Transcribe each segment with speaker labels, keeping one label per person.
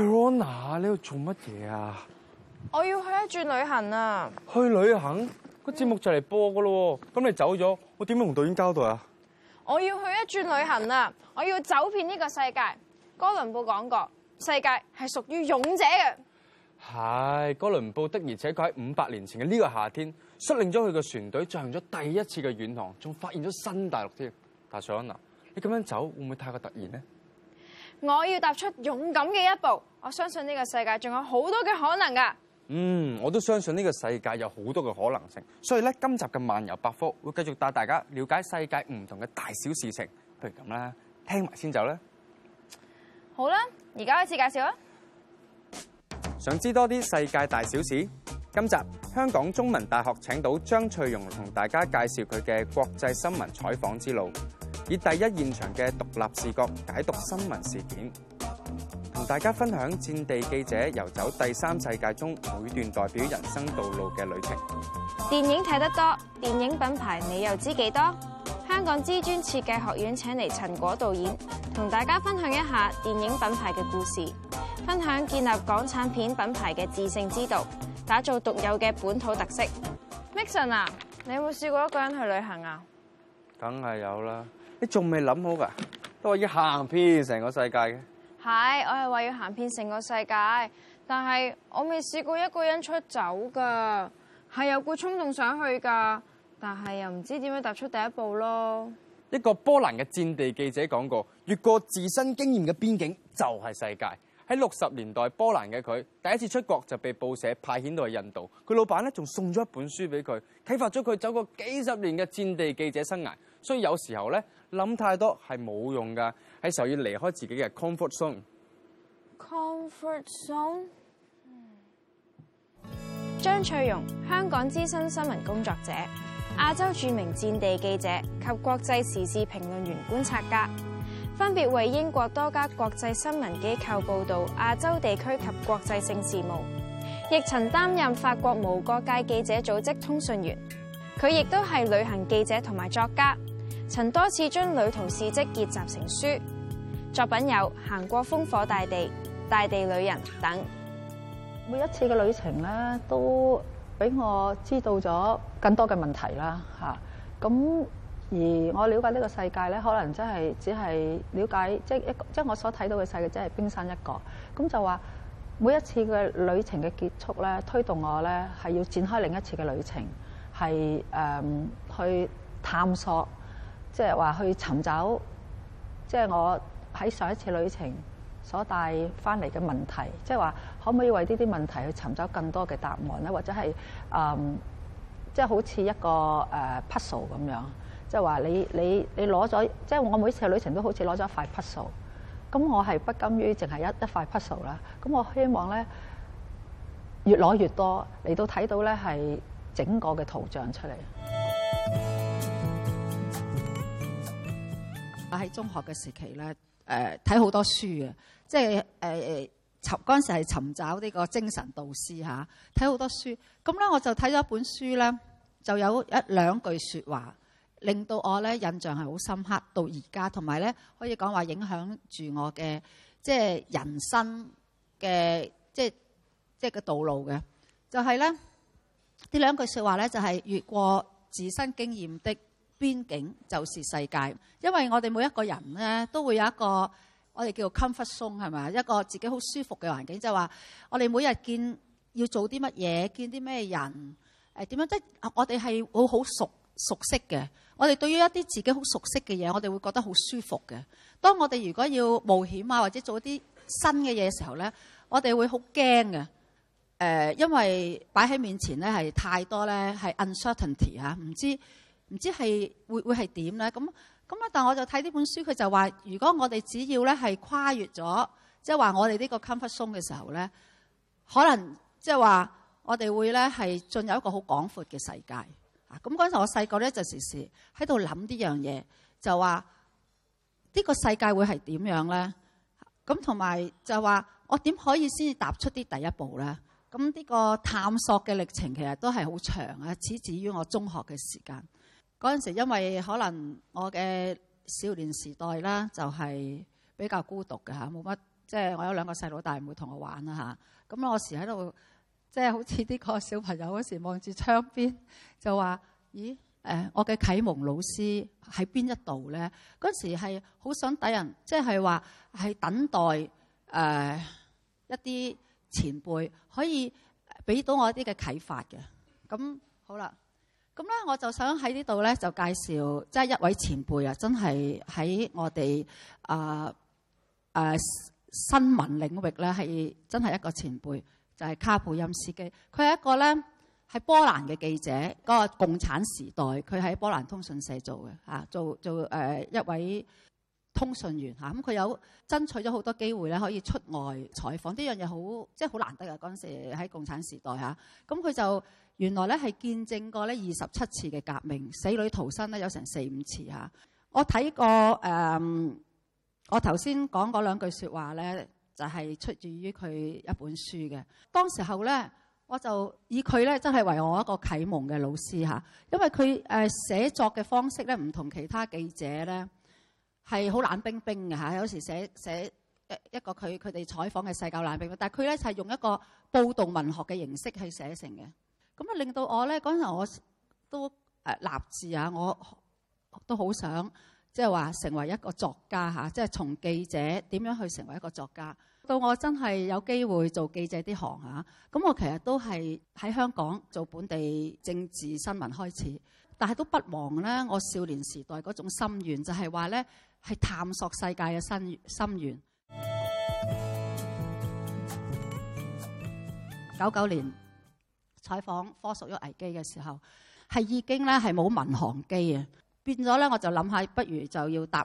Speaker 1: 安娜，你度做乜嘢啊？
Speaker 2: 我要去一轉旅行啊！
Speaker 1: 去旅行個節目就嚟播噶咯，咁、嗯、你走咗，我點樣同導演交代啊？
Speaker 2: 我要去一轉旅行啊！我要走遍呢個世界。哥倫布講過，世界係屬於勇者嘅。
Speaker 1: 係哥倫布的，而且佢喺五百年前嘅呢個夏天，率領咗佢嘅船隊進行咗第一次嘅遠航，仲發現咗新大陸添。但係安娜，你咁樣走會唔會太過突然咧？
Speaker 2: 我要踏出勇敢嘅一步，我相信呢個世界仲有好多嘅可能噶。
Speaker 1: 嗯，我都相信呢個世界有好多嘅可能性。所以咧，今集嘅漫遊百科會繼續帶大家了解世界唔同嘅大小事情。不如咁啦，聽埋先走啦。
Speaker 2: 好啦，而家開始介紹啊，
Speaker 1: 想知多啲世界大小事？今集香港中文大學請到張翠容同大家介紹佢嘅國際新聞採訪之路。以第一現場嘅獨立視角解讀新聞事件，同大家分享戰地記者遊走第三世界中每段代表人生道路嘅旅程。
Speaker 2: 電影睇得多，電影品牌你又知幾多？香港知專設計學院請嚟陳果導演，同大家分享一下電影品牌嘅故事，分享建立港產片品牌嘅製勝之道，打造獨有嘅本土特色。Mixon 啊，你有冇試過一個人去旅行啊？
Speaker 1: 梗係有啦。你仲未諗好㗎？都話要行遍成個世界嘅。
Speaker 2: 係，我係話要行遍成個世界，但係我未試過一個人出走㗎。係有股衝動想去㗎，但係又唔知點樣踏出第一步咯。
Speaker 1: 一個波蘭嘅戰地記者講過，越過自身經驗嘅邊境就係世界。喺六十年代，波蘭嘅佢第一次出國就被報社派遣到去印度，佢老闆咧仲送咗一本書俾佢，啟發咗佢走過幾十年嘅戰地記者生涯。所以有時候咧。諗太多係冇用㗎，係時候要離開自己嘅 comfort zone。
Speaker 2: Comfort zone。張翠容，香港資深新聞工作者，亞洲著名戰地記者及國際時事評論員觀察家，分別為英國多家國際新聞機構報導亞洲地區及國際性事務，亦曾擔任法國無國界記者組織通訊員。佢亦都係旅行記者同埋作家。曾多次將旅途事蹟結集成書，作品有《行過烽火大地》、《大地旅人》等。
Speaker 3: 每一次嘅旅程咧，都俾我知道咗更多嘅問題啦。咁而我了解呢個世界咧，可能真係只係了解即係一個即係我所睇到嘅世界，真係冰山一角。咁就話每一次嘅旅程嘅結束咧，推動我咧係要展開另一次嘅旅程，係、嗯、去探索。即係話去尋找，即係我喺上一次旅程所帶翻嚟嘅問題，即係話可唔可以為呢啲問題去尋找更多嘅答案咧？或者係誒，即係好似一個誒 puzzle 咁樣，即係話你你你攞咗，即係我每一次旅程都好似攞咗一塊 puzzle。咁我係不甘於淨係一一塊 puzzle 啦。咁我希望咧，越攞越多，嚟到睇到咧係整個嘅圖像出嚟。喺中學嘅時期咧，誒睇好多書啊，即係誒尋嗰陣時係尋找呢個精神導師吓，睇、啊、好多書。咁咧我就睇咗一本書咧，就有一兩句說話，令到我咧印象係好深刻，到而家同埋咧可以講話影響住我嘅即係人生嘅即係即係個道路嘅。就係、是、咧呢這兩句說話咧，就係、是、越過自身經驗的。邊境就是世界，因為我哋每一個人咧都會有一個我哋叫做 comfort zone 係咪，一個自己好舒服嘅環境，就係話我哋每日見要做啲乜嘢，見啲咩人，誒、呃、點樣即我哋係好好熟熟悉嘅。我哋對於一啲自己好熟悉嘅嘢，我哋會覺得好舒服嘅。當我哋如果要冒險啊，或者做啲新嘅嘢嘅時候咧，我哋會好驚嘅。誒、呃，因為擺喺面前咧係太多咧係 uncertainty 嚇、啊，唔知。唔知係會會係點咧？咁咁咧，但我就睇呢本書，佢就話：如果我哋只要咧係跨越咗，即係話我哋呢個 comfort zone 嘅時候咧，可能即係話我哋會咧係進入一個好廣闊嘅世界啊！咁嗰陣時我細個咧就時時喺度諗呢樣嘢，就話呢個世界會係點樣咧？咁同埋就話我點可以先至踏出啲第一步咧？咁呢個探索嘅歷程其實都係好長啊，始至於我中學嘅時間。嗰陣時，因為可能我嘅少年時代啦，就係比較孤獨嘅嚇，冇乜即係我有兩個細佬大妹唔會同我玩啦嚇。咁我時喺度，即係好似啲個小朋友嗰時望住窗邊，就話：咦，誒，我嘅啟蒙老師喺邊一度咧？嗰陣時係好想等人，即係話係等待誒，呃，一啲前輩可以俾到我一啲嘅啟發嘅。咁好啦。咁咧，我就想喺呢度咧，就介紹即係、就是、一位前輩在啊，真係喺我哋啊誒新聞領域咧，係真係一個前輩，就係、是、卡普音斯基。佢係一個咧，係波蘭嘅記者，嗰、那個共產時代，佢喺波蘭通訊社做嘅嚇，做做誒、呃、一位。通訊員吓，咁佢有爭取咗好多機會咧，可以出外採訪呢樣嘢好即係好難得啊，嗰陣時喺共產時代吓，咁佢就原來咧係見證過咧二十七次嘅革命，死裡逃生咧有成四五次吓，我睇過誒、嗯，我頭先講嗰兩句說話咧，就係出自於佢一本書嘅。當時候咧，我就以佢咧真係為我一個啟蒙嘅老師吓，因為佢誒寫作嘅方式咧唔同其他記者咧。係好冷冰冰嘅嚇，有時寫寫一一個佢佢哋採訪嘅世界冷冰冰，但係佢咧就係用一個報道文學嘅形式去寫成嘅，咁咧令到我咧嗰陣我都誒立志啊，我都好想即係話成為一個作家嚇，即係從記者點樣去成為一個作家，到我真係有機會做記者啲行嚇，咁我其實都係喺香港做本地政治新聞開始。但係都不忘咧，我少年時代嗰種心願，就係話咧係探索世界嘅心心願1999。九九年採訪科索沃危機嘅時候，係已經咧係冇民航機嘅，變咗咧我就諗下，不如就要搭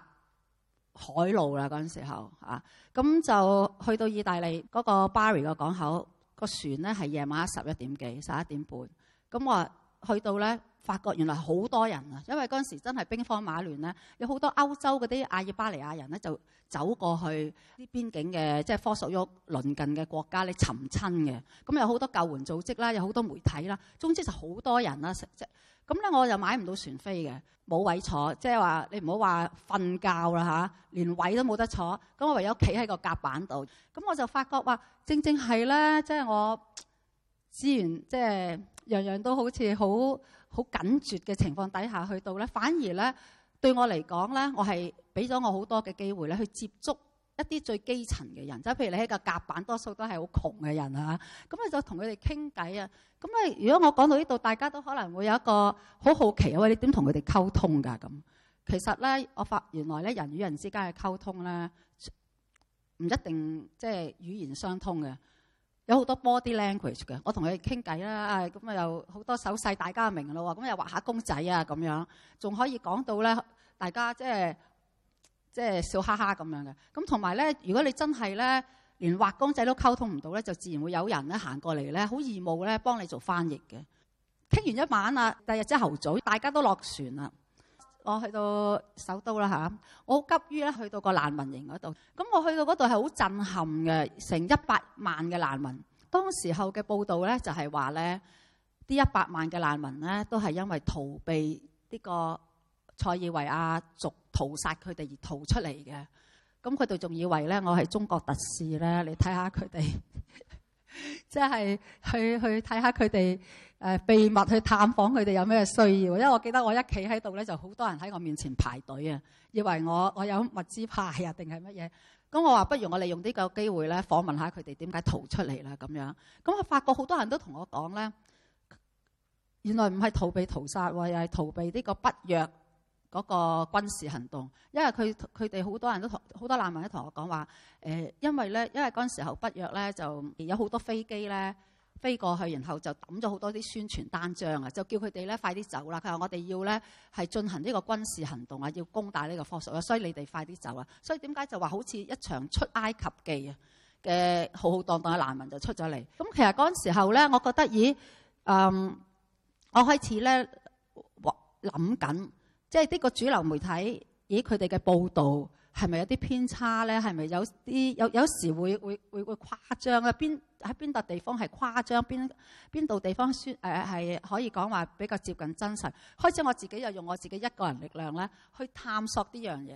Speaker 3: 海路啦。嗰陣時候啊，咁就去到意大利嗰、嗰個 Bari 個港口、個船咧，係夜晚十一點幾、十一點半咁，我去到咧。發覺原來好多人啊，因為嗰陣時真係兵荒馬亂咧，有好多歐洲嗰啲亞爾巴尼亞人咧就走過去啲邊境嘅，即係科索沃鄰近嘅國家嚟尋親嘅。咁有好多救援組織啦，有好多媒體啦，總之就好多人啦。即咁咧，我就買唔到船飛嘅，冇位坐，即係話你唔好話瞓覺啦嚇，連位都冇得坐。咁我唯有企喺個甲板度。咁我就發覺話，正正係咧，即係我資源即係樣樣都好似好。好緊絕嘅情況底下去到咧，反而咧對我嚟講咧，我係俾咗我好多嘅機會咧，去接觸一啲最基層嘅人，即係譬如你喺個夾板，多數都係好窮嘅人啊！咁你就同佢哋傾偈啊！咁啊，如果我講到呢度，大家都可能會有一個好好奇啊！你點同佢哋溝通㗎？咁其實咧，我發現原來咧人與人之間嘅溝通咧，唔一定即係語言相通嘅。有好多 body language 嘅，我同佢傾偈啦，咁啊、嗯、又好多手勢，大家明咯喎，咁又畫下公仔啊咁樣，仲可以講到咧，大家即係即係笑哈哈咁樣嘅。咁同埋咧，如果你真係咧，連畫公仔都溝通唔到咧，就自然會有人咧行過嚟咧，好義務咧幫你做翻譯嘅。傾完一晚啊，第日即係後早，大家都落船啦。我去到首都啦，吓，我好急於咧去到個難民營嗰度。咁我去到嗰度係好震撼嘅，成一百萬嘅難民。當時候嘅報道咧就係話咧，啲一百萬嘅難民咧都係因為逃避呢個塞爾維亞族屠殺佢哋而逃出嚟嘅。咁佢哋仲以為咧我係中國特使咧，你睇下佢哋，即 係去去睇下佢哋。誒秘密去探訪佢哋有咩需要？因為我記得我一企喺度咧，就好多人喺我面前排隊啊，以為我我有物資派啊定係乜嘢？咁我話不如我利用呢個機會咧，訪問下佢哋點解逃出嚟啦咁樣。咁我發覺好多人都同我講咧，原來唔係逃避屠殺喎，又係逃避呢個北約嗰個軍事行動。因為佢佢哋好多人都同好多難民都同我講話誒，因為咧，因為嗰陣時候北約咧，就有好多飛機咧。飛過去，然後就抌咗好多啲宣傳單張啊，就叫佢哋咧快啲走啦。佢話我哋要咧係進行呢個軍事行動啊，要攻打呢個科索啊，所以你哋快啲走啦。所以點解就話好似一場出埃及記嘅浩浩蕩蕩嘅難民就出咗嚟？咁其實嗰陣時候咧，我覺得咦，嗯，我開始咧諗緊，即係呢個主流媒體，咦佢哋嘅報導係咪有啲偏差咧？係咪有啲有有時會會會會誇張啊？邊？喺邊笪地方係誇張，邊邊度地方誒係可以講話比較接近真實，開始我自己又用我自己一個人力量咧去探索呢樣嘢。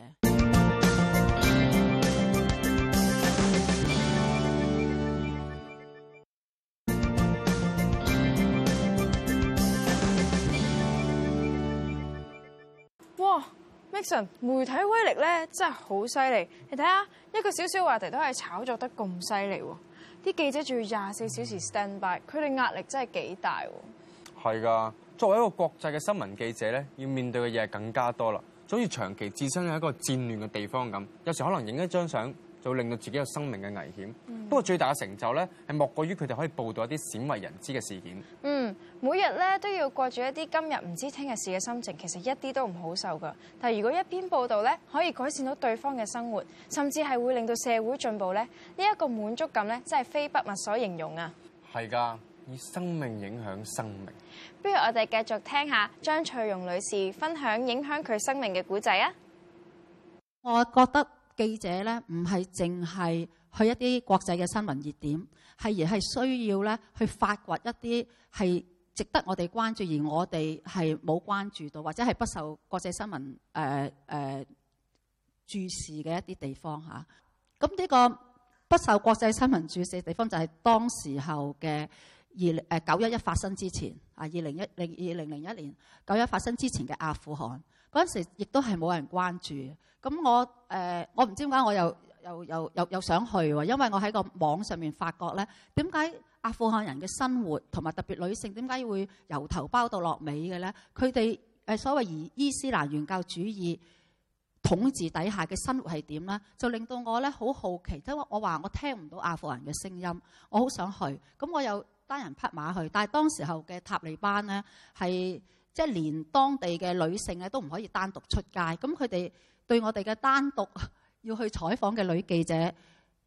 Speaker 2: 哇，Mixon 媒體威力咧真係好犀利。你睇下一個小小話題都係炒作得咁犀利喎。啲記者仲要廿四小時 stand by，佢哋壓力真係幾大喎。
Speaker 1: 係㗎，作為一個國際嘅新聞記者咧，要面對嘅嘢更加多啦，就好似長期置身喺一個戰亂嘅地方咁，有時可能影一張相，就令到自己有生命嘅危險，嗯、不過最大嘅成就咧，係莫過於佢哋可以報道一啲鮮為人知嘅事件。
Speaker 2: 嗯，每日咧都要過住一啲今日唔知聽日事嘅心情，其實一啲都唔好受噶。但係如果一篇報道咧可以改善到對方嘅生活，甚至係會令到社會進步咧，呢、這、一個滿足感咧真係非筆墨所形容啊！
Speaker 1: 係噶，以生命影響生命。
Speaker 2: 不如我哋繼續聽下張翠容女士分享影響佢生命嘅古仔啊！我覺
Speaker 3: 得。記者咧唔係淨係去一啲國際嘅新聞熱點，係而係需要咧去發掘一啲係值得我哋關注而我哋係冇關注到，或者係不受國際新聞誒誒、呃呃、注視嘅一啲地方嚇。咁呢個不受國際新聞注視嘅地方就係當時候嘅二零誒九一一發生之前啊，二零一零二零零一年九一發生之前嘅阿富汗。嗰陣時亦都係冇人關注，咁我誒、呃、我唔知點解我又又又又又想去喎，因為我喺個網上面發覺咧，點解阿富汗人嘅生活同埋特別女性點解會由頭包到落尾嘅咧？佢哋誒所謂伊斯蘭原教主義統治底下嘅生活係點咧？就令到我咧好好奇，即係我話我聽唔到阿富汗人嘅聲音，我好想去，咁我又單人匹馬去，但係當時候嘅塔利班咧係。是即係連當地嘅女性咧都唔可以單獨出街，咁佢哋對我哋嘅單獨要去採訪嘅女記者，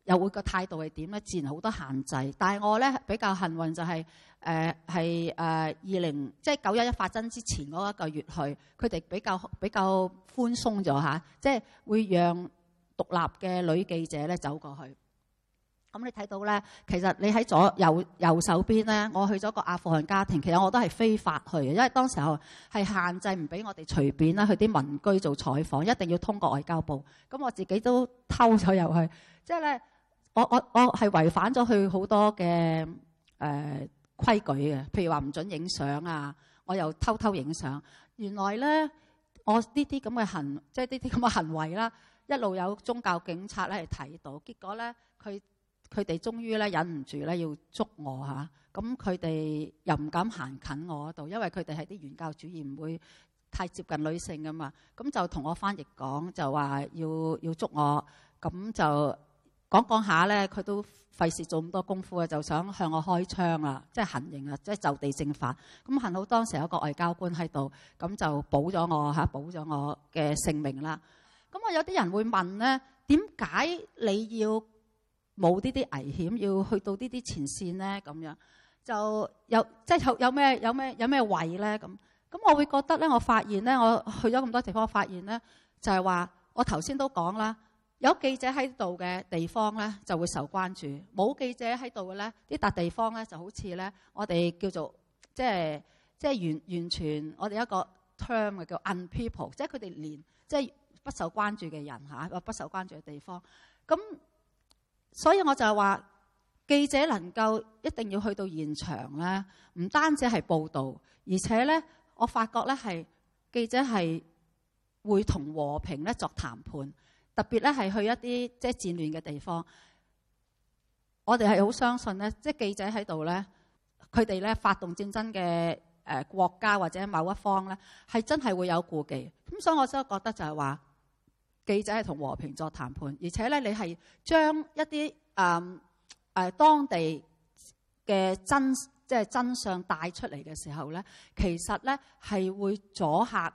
Speaker 3: 又會個態度係點咧？自然好多限制。但係我咧比較幸運就係誒係誒二零即係九一一發生之前嗰一個月去，佢哋比較比較寬鬆咗吓，即係會讓獨立嘅女記者咧走過去。咁你睇到咧，其實你喺左右右手邊咧，我去咗個阿富汗家庭，其實我都係非法去嘅，因為當時候係限制唔俾我哋隨便啦去啲民居做採訪，一定要通過外交部。咁我自己都偷咗入去，即係咧，我我我係違反咗佢好多嘅誒規矩嘅，譬如話唔准影相啊，我又偷偷影相。原來咧，我呢啲咁嘅行，即係呢啲咁嘅行為啦，一路有宗教警察咧係睇到，結果咧佢，他佢哋終於咧忍唔住咧要捉我嚇，咁佢哋又唔敢行近我度，因為佢哋係啲原教主義，唔會太接近女性噶嘛。咁就同我翻譯講，就話要要捉我，咁就講講下咧，佢都費事做咁多功夫呀，就想向我開槍啦，即係行刑啦，即係就地正法。咁幸好當時有個外交官喺度，咁就保咗我嚇，保咗我嘅性命啦。咁我有啲人會問咧，點解你要？冇呢啲危險，要去到呢啲前線咧，咁樣就有即係、就是、有有咩有咩有咩位咧咁。咁我會覺得咧，我發現咧，我去咗咁多地方，我發現咧就係、是、話，我頭先都講啦，有記者喺度嘅地方咧就會受關注，冇記者喺度嘅咧呢笪地方咧就好似咧我哋叫做即係即係完完全我哋一個 term 嘅叫 unpeople，即係佢哋連即係、就是、不受關注嘅人嚇，或不受關注嘅地方咁。所以我就係話，記者能夠一定要去到現場咧，唔單止係報道，而且咧，我發覺咧係記者係會同和，和平咧作談判，特別咧係去一啲即係戰亂嘅地方，我哋係好相信咧，即係記者喺度咧，佢哋咧發動戰爭嘅誒國家或者某一方咧，係真係會有顧忌。咁所以我真係覺得就係話。記者係同和，和平作談判，而且咧你係將一啲誒誒當地嘅真即係真相帶出嚟嘅時候咧，其實咧係會阻嚇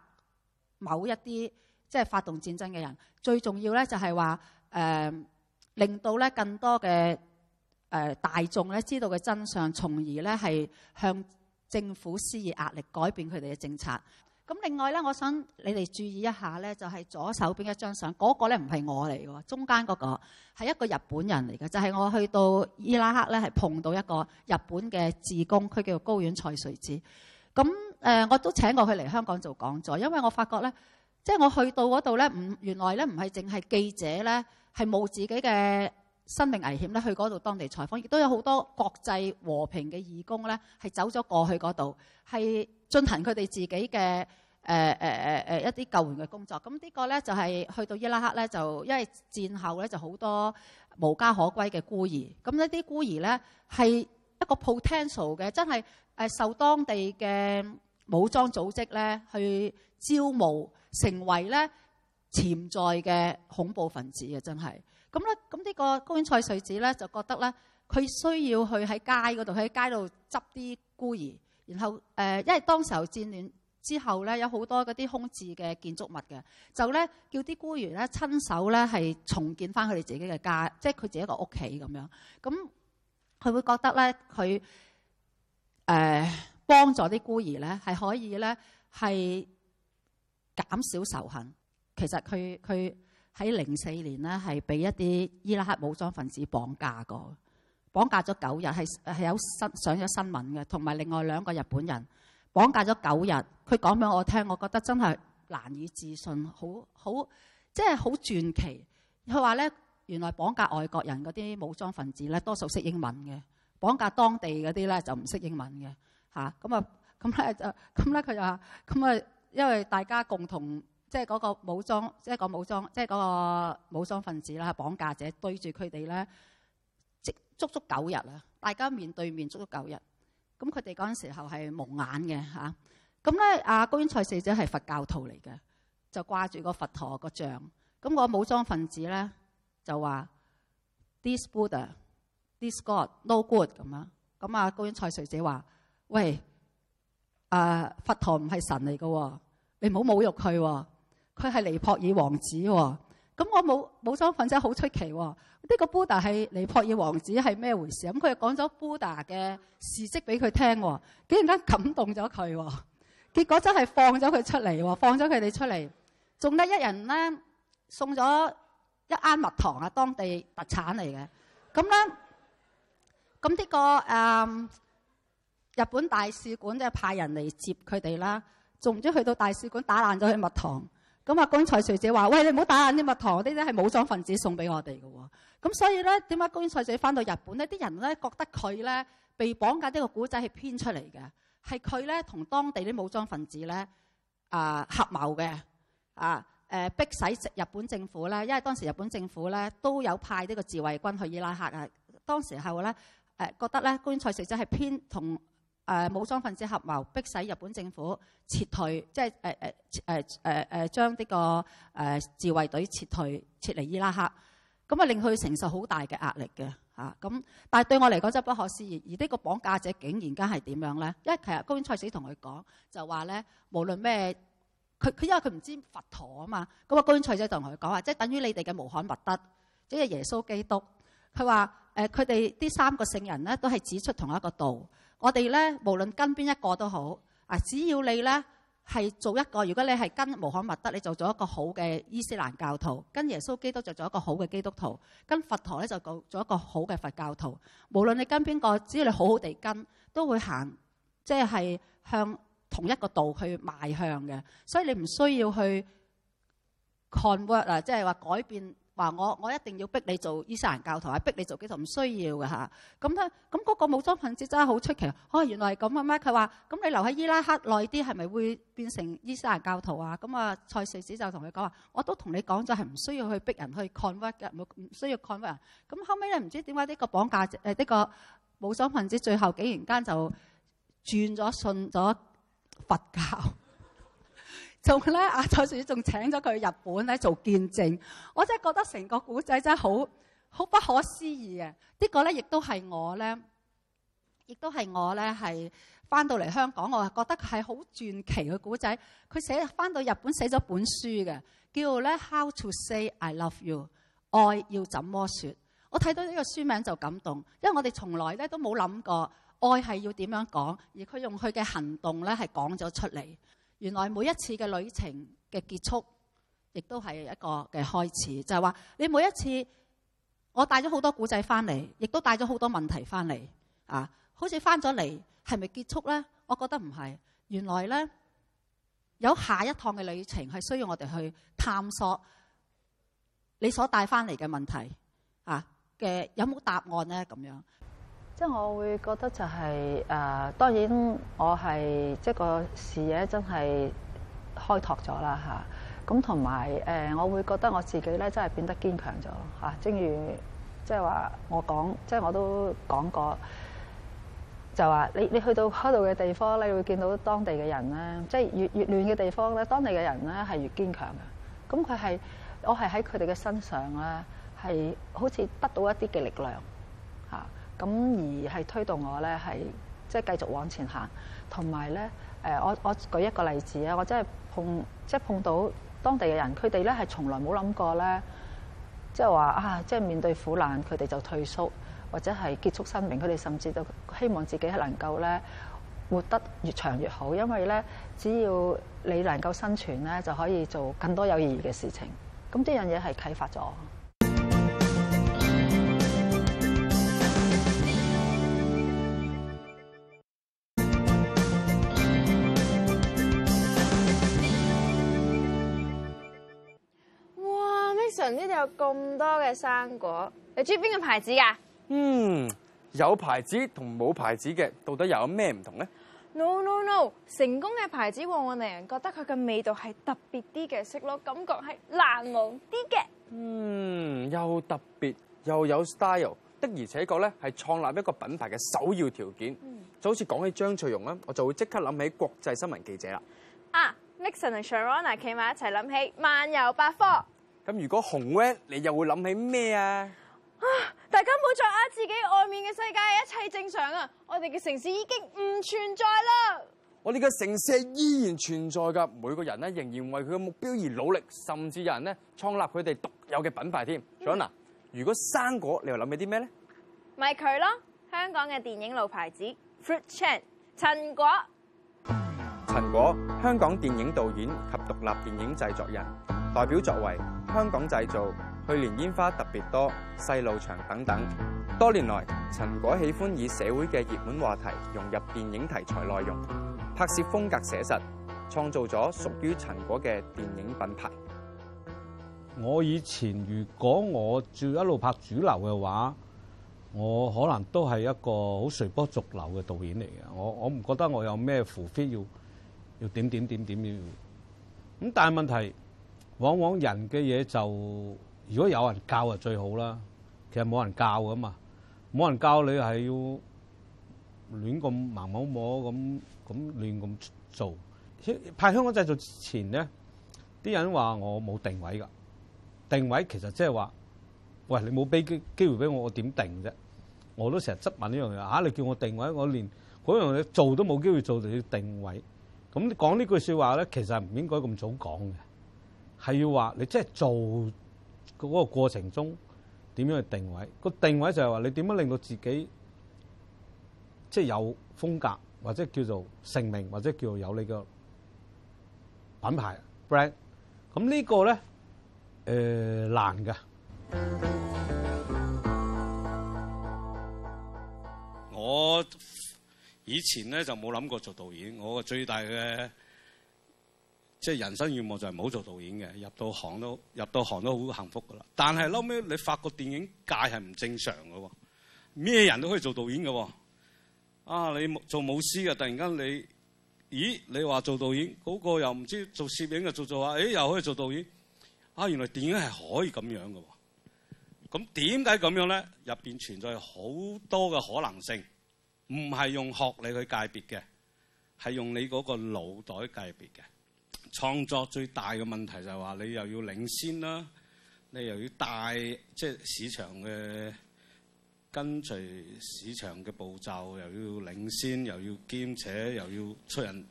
Speaker 3: 某一啲即係發動戰爭嘅人。最重要咧就係話誒令到咧更多嘅誒、呃、大眾咧知道嘅真相，從而咧係向政府施以壓力，改變佢哋嘅政策。咁另外咧，我想你哋注意一下咧，就係左手邊一張相，嗰個咧唔係我嚟嘅，中間嗰個係一個日本人嚟嘅，就係我去到伊拉克咧，係碰到一個日本嘅自工，佢叫做高遠菜穗子。咁誒，我都請過佢嚟香港做講座，因為我發覺咧，即係我去到嗰度咧，唔原來咧唔係淨係記者咧，係冇自己嘅。生命危險咧，去嗰度當地採訪，亦都有好多國際和平嘅義工咧，係走咗過去嗰度，係進行佢哋自己嘅誒誒誒誒一啲救援嘅工作。咁呢個咧就係、是、去到伊拉克咧，就因為戰後咧就好多無家可歸嘅孤兒。咁呢啲孤兒咧係一個 potential 嘅，真係誒、呃、受當地嘅武裝組織咧去招募，成為咧潛在嘅恐怖分子嘅，真係。咁咧，咁呢個公園賽瑞子咧就覺得咧，佢需要去喺街嗰度，喺街度執啲孤兒。然後誒、呃，因為當時候戰亂之後咧，有好多嗰啲空置嘅建築物嘅，就咧叫啲孤兒咧親手咧係重建返佢哋自己嘅家，即係佢自己個屋企咁樣。咁佢會覺得咧，佢誒、呃、幫助啲孤兒咧係可以咧係減少仇恨。其實佢佢。喺零四年咧，係俾一啲伊拉克武裝分子綁架過，綁架咗九日，係係有新上咗新聞嘅，同埋另外兩個日本人綁架咗九日。佢講俾我聽，我覺得真係難以置信，好好即係好傳奇。佢話咧，原來綁架外國人嗰啲武裝分子咧，多數識英文嘅，綁架當地嗰啲咧就唔識英文嘅嚇。咁啊咁咧就咁咧佢就話咁啊，因為大家共同。即係嗰個武裝，即係個武裝，即係嗰個武裝分子啦，綁架者堆住佢哋咧，足足九日啊！大家面對面足足九日。咁佢哋嗰陣時候係蒙眼嘅吓。咁咧阿高英彩逝者係佛教徒嚟嘅，就掛住個佛陀個像。咁個武裝分子咧就話：This Buddha, this God, no good 咁啊！咁阿高英彩逝者話：喂，誒，啊，佛陀唔係神嚟㗎喎，你唔好侮辱佢喎。佢係尼泊爾王子喎，咁我冇武裝分子好出奇喎，呢、這個 Buddha 係尼泊爾王子係咩回事啊？咁佢又講咗 Buddha 嘅事蹟俾佢聽，竟然間感動咗佢，結果真係放咗佢出嚟，放咗佢哋出嚟，仲得一人咧送咗一罌蜜糖啊，當地特產嚟嘅，咁咧、這個，咁呢個誒日本大使館即係派人嚟接佢哋啦，仲唔知去到大使館打爛咗佢蜜糖。咁啊，高恩塞瑞姐話，喂，你唔好打眼啲蜜糖，啲咧係武裝分子送俾我哋嘅喎。咁所以咧，點解高恩塞瑞姐返到日本呢？啲人咧覺得佢咧被綁架呢個古仔係編出嚟嘅，係佢咧同當地啲武裝分子咧啊合謀嘅啊誒，迫使日本政府咧，因為當時日本政府咧都有派呢個自衛軍去伊拉克啊。當時候咧誒覺得咧，高恩塞瑞姐係編同。誒武裝分子合謀，迫使日本政府撤退，即係誒誒誒誒誒將呢個誒自衛隊撤退撤離伊拉克，咁啊令佢承受好大嘅壓力嘅嚇咁。但係對我嚟講真係不可思議，而呢個綁架者竟然間係點樣咧？因為其實高英翠姐同佢講就話咧，無論咩佢佢因為佢唔知佛陀啊嘛，咁啊高英翠姐同佢講話，即係等於你哋嘅穆罕默德，即係耶穌基督。佢話誒，佢哋啲三個聖人咧都係指出同一個道。我哋咧，無論跟邊一個都好啊，只要你咧係做一個。如果你係跟穆罕默德，你就做一個好嘅伊斯蘭教徒；跟耶穌基督就做一個好嘅基督徒；跟佛陀咧就做做一個好嘅佛教徒。無論你跟邊個，只要你好好地跟，都會行，即係向同一個道去邁向嘅。所以你唔需要去 convert 啊，即係話改變。話我我一定要逼你做伊斯蘭教徒，啊逼你做基督徒，唔需要嘅嚇。咁咧咁嗰個武裝分子真係好出奇，啊原來係咁嘅咩？佢話咁你留喺伊拉克耐啲，係咪會變成伊斯蘭教徒啊？咁啊蔡瑞士就同佢講話，我都同你講咗係唔需要去逼人去 convert 嘅，唔需要 convert 人，咁後尾咧唔知點解呢個綁架誒呢、這個武裝分子最後竟然間就轉咗信咗佛教。仲咧，阿蔡小姐仲請咗佢去日本咧做見證，我真係覺得成個古仔真係好好不可思議啊。也是呢個咧亦都係我咧，亦都係我咧係翻到嚟香港，我係覺得係好傳奇嘅古仔。佢寫翻到日本寫咗本書嘅，叫做咧《How to Say I Love You》，愛要怎麼説？我睇到呢個書名就感動，因為我哋從來咧都冇諗過愛係要點樣講，而佢用佢嘅行動咧係講咗出嚟。原來每一次嘅旅程嘅結束，亦都係一個嘅開始。就係、是、話你每一次我帶了很，我帶咗好多古仔翻嚟，亦都帶咗好多問題翻嚟啊！好似翻咗嚟係咪結束咧？我覺得唔係。原來咧有下一趟嘅旅程係需要我哋去探索你所帶翻嚟嘅問題啊嘅有冇答案咧？咁樣。即係我會覺得就係、是、誒、呃，當然我係即係個視野真係開拓咗啦嚇。咁同埋誒，我會覺得我自己咧真係變得堅強咗嚇。正如即係話我講，即係我,我都講過，就話你你去到嗰度嘅地方咧，你會見到當地嘅人咧，即係越越亂嘅地方咧，當地嘅人咧係越堅強嘅。咁佢係我係喺佢哋嘅身上咧，係好似得到一啲嘅力量嚇。啊咁而係推動我咧係即係繼續往前行，同埋咧誒，我我舉一個例子啊，我真係碰即係碰到當地嘅人，佢哋咧係從來冇諗過咧，即係話啊，即係面對苦難佢哋就退縮，或者係結束生命，佢哋甚至都希望自己係能夠咧活得越長越好，因為咧只要你能夠生存咧，就可以做更多有意義嘅事情。咁呢樣嘢係啟發咗。
Speaker 2: 呢度有咁多嘅生果，你中意邊個牌子噶？嗯，
Speaker 1: 有牌子同冇牌子嘅，到底又有咩唔同咧
Speaker 2: ？No no no，成功嘅牌子往往令人覺得佢嘅味道係特別啲嘅，食落，感覺係難忘啲嘅。嗯，
Speaker 1: 又特別又有 style，的而且確咧係創立一個品牌嘅首要條件。就好似講起張翠容啦，我就會即刻諗起國際新聞記者啦。
Speaker 2: 啊，Nixon 同 Sharon a 企埋一齊諗起，想起萬有百貨。
Speaker 1: 咁如果紅 van 你又會諗起咩啊？啊！
Speaker 2: 大家唔好再呃自己外面嘅世界，一切正常啊！我哋嘅城市已經唔存在啦！
Speaker 1: 我哋嘅城市依然存在噶，每個人咧仍然為佢嘅目標而努力，甚至有人咧創立佢哋獨有嘅品牌添。左、嗯、拿，John，如果生果，你又諗起啲咩咧？
Speaker 2: 咪佢咯，香港嘅電影老牌子，Fruit Chan 陳果。
Speaker 1: 陳果，香港電影導演及獨立電影製作人，代表作為，香港製造，去年煙花特別多，細路祥等等。多年來，陳果喜歡以社會嘅熱門話題融入電影題材內容，拍攝風格寫實，創造咗屬於陳果嘅電影品牌。
Speaker 4: 我以前如果我照一路拍主流嘅話，我可能都係一個好隨波逐流嘅導演嚟嘅。我我唔覺得我有咩負飛要要點點點點要。咁但係問題。往往人嘅嘢就，如果有人教就最好啦。其實冇人教噶嘛，冇人教你係要亂咁盲摸摸咁咁亂咁做。拍派香港製造之前咧，啲人話我冇定位㗎。定位其實即係話，喂你冇俾機機會俾我，我點定啫？我都成日質問呢樣嘢吓，你叫我定位，我連嗰樣嘢做都冇機會做，就要定位。咁講呢句說話咧，其實唔應該咁早講嘅。係要話你即係做嗰個過程中點樣去定位？個定位就係話你點樣令到自己即係有風格，或者叫做成名，或者叫做有你嘅品牌 brand。咁呢個咧，誒難㗎。我以前咧就冇諗過做導演，我最大嘅。即係人生願望就係唔好做導演嘅，入到行都入到行都好幸福噶啦。但係嬲尾你發覺電影界係唔正常嘅喎，咩人都可以做導演嘅喎。啊，你做武師嘅，突然間你咦？你話做導演嗰個又唔知做攝影嘅做做下，咦？又可以做導演啊！原來電影係可以咁樣喎。咁點解咁樣咧？入邊存在好多嘅可能性，唔係用學你去界別嘅，係用你嗰個腦袋界別嘅。創作最大嘅問題就係、是、話你又要領先啦，你又要帶即係市場嘅跟隨市場嘅步驟，又要領先，又要兼且又要出人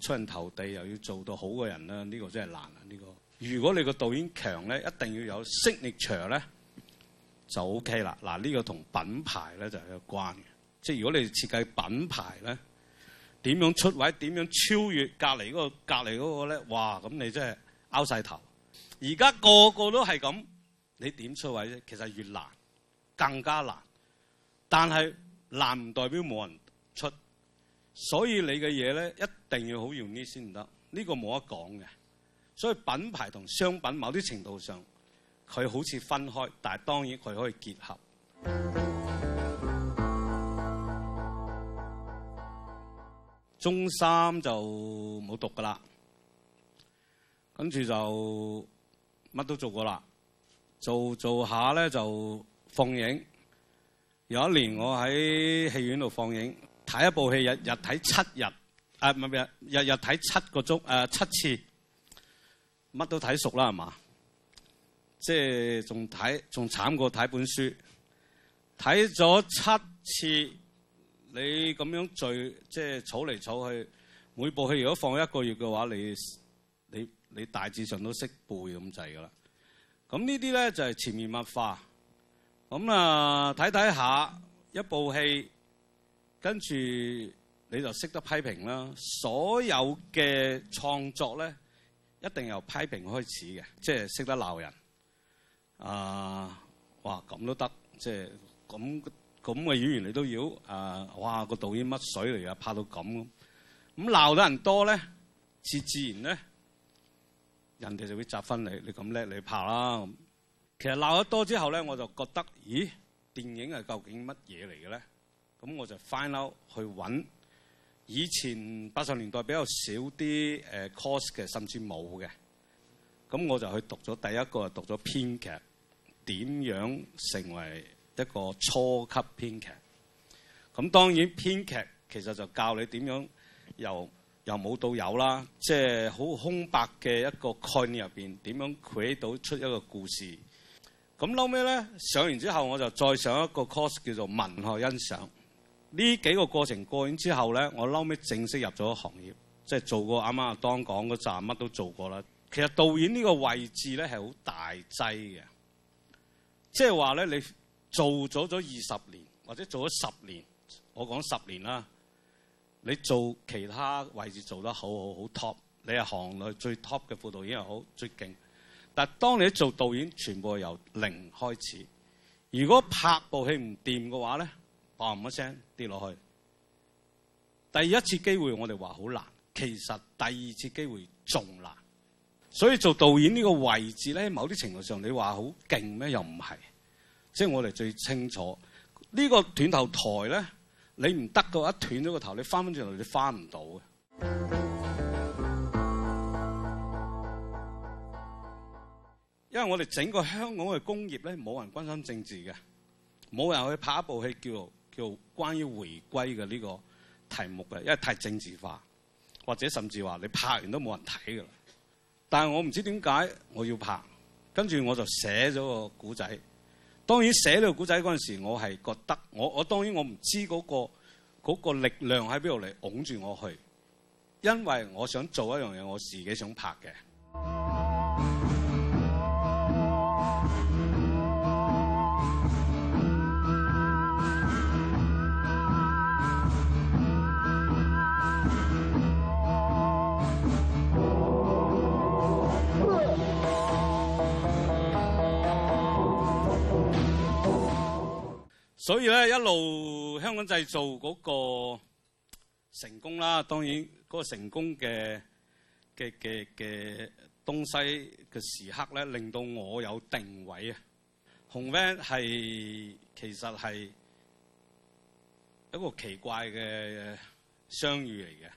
Speaker 4: 出人頭地，又要做到好嘅人啦，呢、這個真係難啊！呢、這個如果你個導演強咧，一定要有 signature 咧，就 O K 啦。嗱、這、呢個同品牌咧就係有關嘅，即係如果你設計品牌咧。點樣出位？點樣超越隔離嗰個？隔離嗰個咧？哇！咁你真係拗晒頭。而家個個都係咁，你點出位啫？其實越難，更加難。但係難唔代表冇人出，所以你嘅嘢咧一定要好容易 i q 先得。呢、這個冇得講嘅。所以品牌同商品某啲程度上，佢好似分開，但係當然佢可以結合。中三就冇讀㗎啦，跟住就乜都做過啦，做做下呢就放映。有一年我喺戲院度放映，睇一部戲，日日睇七日，啊，唔係日日睇七個鐘，啊，七次，乜都睇熟啦係嘛？即係仲睇仲慘過睇本書，睇咗七次。你咁樣聚，即係儲嚟儲去，每部戲如果放一個月嘅話，你你你大致上都識背咁滯噶啦。咁呢啲咧就係潛移默化。咁啊睇睇下一部戲，跟住你就識得批評啦。所有嘅創作咧，一定由批評開始嘅，即係識得鬧人。啊，哇咁都得，即係咁。咁嘅演員你都要啊、呃！哇，個導演乜水嚟啊？拍到咁咁鬧得人多咧，係自然咧，人哋就會窒返你。你咁叻，你拍啦咁。其實鬧得多之後咧，我就覺得，咦，電影係究竟乜嘢嚟嘅咧？咁我就 find out 去揾以前八十年代比較少啲 course 嘅，甚至冇嘅。咁我就去讀咗第一個，讀咗編劇點樣成為一個初級編劇，咁當然編劇其實就教你點樣由由冇到有啦，即係好空白嘅一個概念入邊，點樣攪到出一個故事。咁撈尾咧，上完之後我就再上一個 course 叫做文學欣賞。呢幾個過程過完之後咧，我撈尾正式入咗行業，即係做過啱啱阿當講嗰站，乜都做過啦。其實導演呢個位置咧係好大劑嘅，即係話咧你。做咗咗二十年，或者做咗十年，我講十年啦。你做其他位置做得好好，好 top，你係行內最 top 嘅副導演又好，最勁。但係當你做導演，全部由零開始。如果拍部戲唔掂嘅話咧，砰一聲跌落去。第一次機會我哋話好難，其實第二次機會仲難。所以做導演呢個位置咧，某啲程度上你話好勁咩？又唔係。即係我哋最清楚呢，這個斷頭台咧，你唔得嘅一斷咗個頭，你翻翻轉頭你翻唔到嘅。因為我哋整個香港嘅工業咧，冇人關心政治嘅，冇人去拍一部戲叫做叫關於回歸嘅呢個題目嘅，因為太政治化，或者甚至話你拍完都冇人睇嘅。但係我唔知點解我要拍，跟住我就寫咗個古仔。當然寫呢個古仔嗰陣時，我係覺得我我當然我唔知嗰個嗰個力量喺邊度嚟擁住我去，因為我想做一樣嘢，我自己想拍嘅。所以咧，一路香港製造嗰、那個成功啦，當然嗰、那個成功嘅嘅嘅嘅東西嘅時刻咧，令到我有定位啊。 紅 van 係其實係一個奇怪嘅相遇嚟嘅，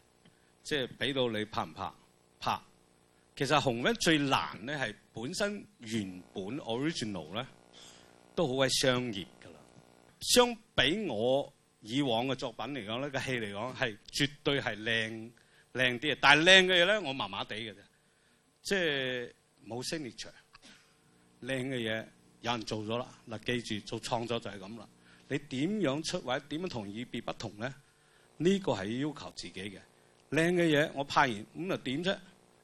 Speaker 4: 即係俾到你拍唔拍拍？其實紅 van 最難咧係本身原本 original 咧都好鬼商業。相比我以往嘅作品嚟講呢個戲嚟講係絕對係靚靚啲嘅。但係靚嘅嘢咧，我麻麻地嘅啫，即係冇聲力場。靚嘅嘢有人做咗啦。嗱，記住做創作就係咁啦。你點樣出位？點樣同意別不同咧？呢個係要求自己嘅。靚嘅嘢我派完咁又點啫？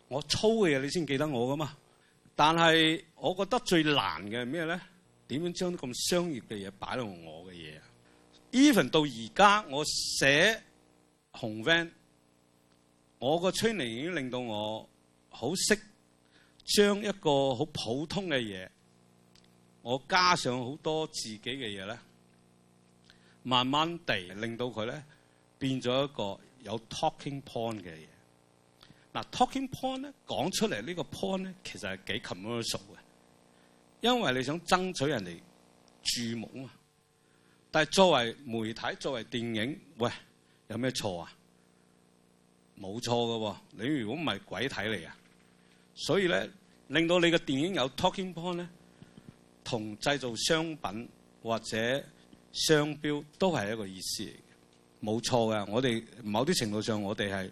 Speaker 4: 我粗嘅嘢你先記得我噶嘛？但係我覺得最難嘅係咩咧？點樣將咁商業嘅嘢擺到我嘅嘢啊？Even 到而家我寫紅 van，我個 training 已經令到我好識將一個好普通嘅嘢，我加上好多自己嘅嘢咧，慢慢地令到佢咧變咗一個有 talking point 嘅嘢。嗱，talking point 咧講出嚟呢個 point 咧，其實係幾 commercial 嘅。因為你想爭取人哋注目啊！但係作為媒體、作為電影，喂，有咩錯啊？冇錯嘅喎，你如果唔係鬼睇嚟啊！所以咧，令到你嘅電影有 talking point 咧，同製造商品或者商標都係一個意思嚟嘅。冇錯嘅，我哋某啲程度上，我哋係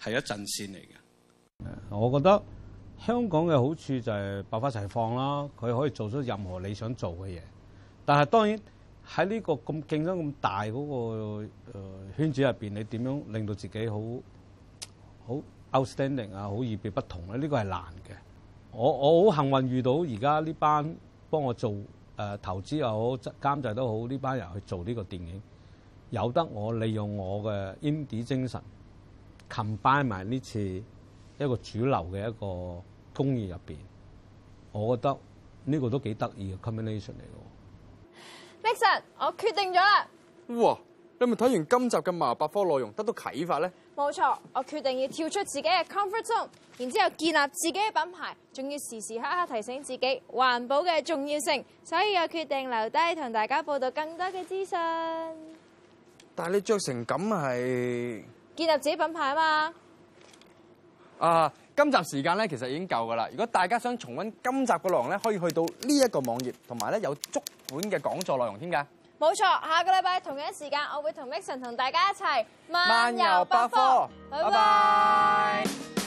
Speaker 4: 係一陣線嚟嘅。我覺得。香港嘅好處就係百花齊放啦，佢可以做出任何你想做嘅嘢。但係當然喺呢個咁競爭咁大嗰個圈子入邊，你點樣令到自己好好 outstanding 啊，好與別不同咧？呢個係難嘅。我我好幸運遇到而家呢班幫我做誒、呃、投資又好監製都好呢班人去做呢個電影，由得我利用我嘅 indie 精神 combine 埋呢次。一個主流嘅一個工業入邊，我覺得呢個都幾得意嘅 combination 嚟嘅。
Speaker 2: Misson，我決定咗啦。
Speaker 4: 哇！你咪睇完今
Speaker 1: 集嘅《麻百科》內容，得到啟發咧？
Speaker 2: 冇錯，我決定要跳出自己嘅 comfort zone，然之後建立自己嘅品牌，仲要時時刻刻提醒自己環保嘅重要性，所以我決定留低同大家報道更多嘅資訊。
Speaker 1: 但你着成咁係
Speaker 2: 建立自己的品牌啊嘛？
Speaker 1: 啊！今集時間咧其實已經夠噶啦。如果大家想重溫今集嘅內容咧，可以去到呢一個網頁，同埋咧有足本嘅講座內容添㗎。冇
Speaker 2: 錯，下個禮拜同樣時間，我會同 Mixon 同大家一齊漫遊百科。拜拜。拜拜拜拜。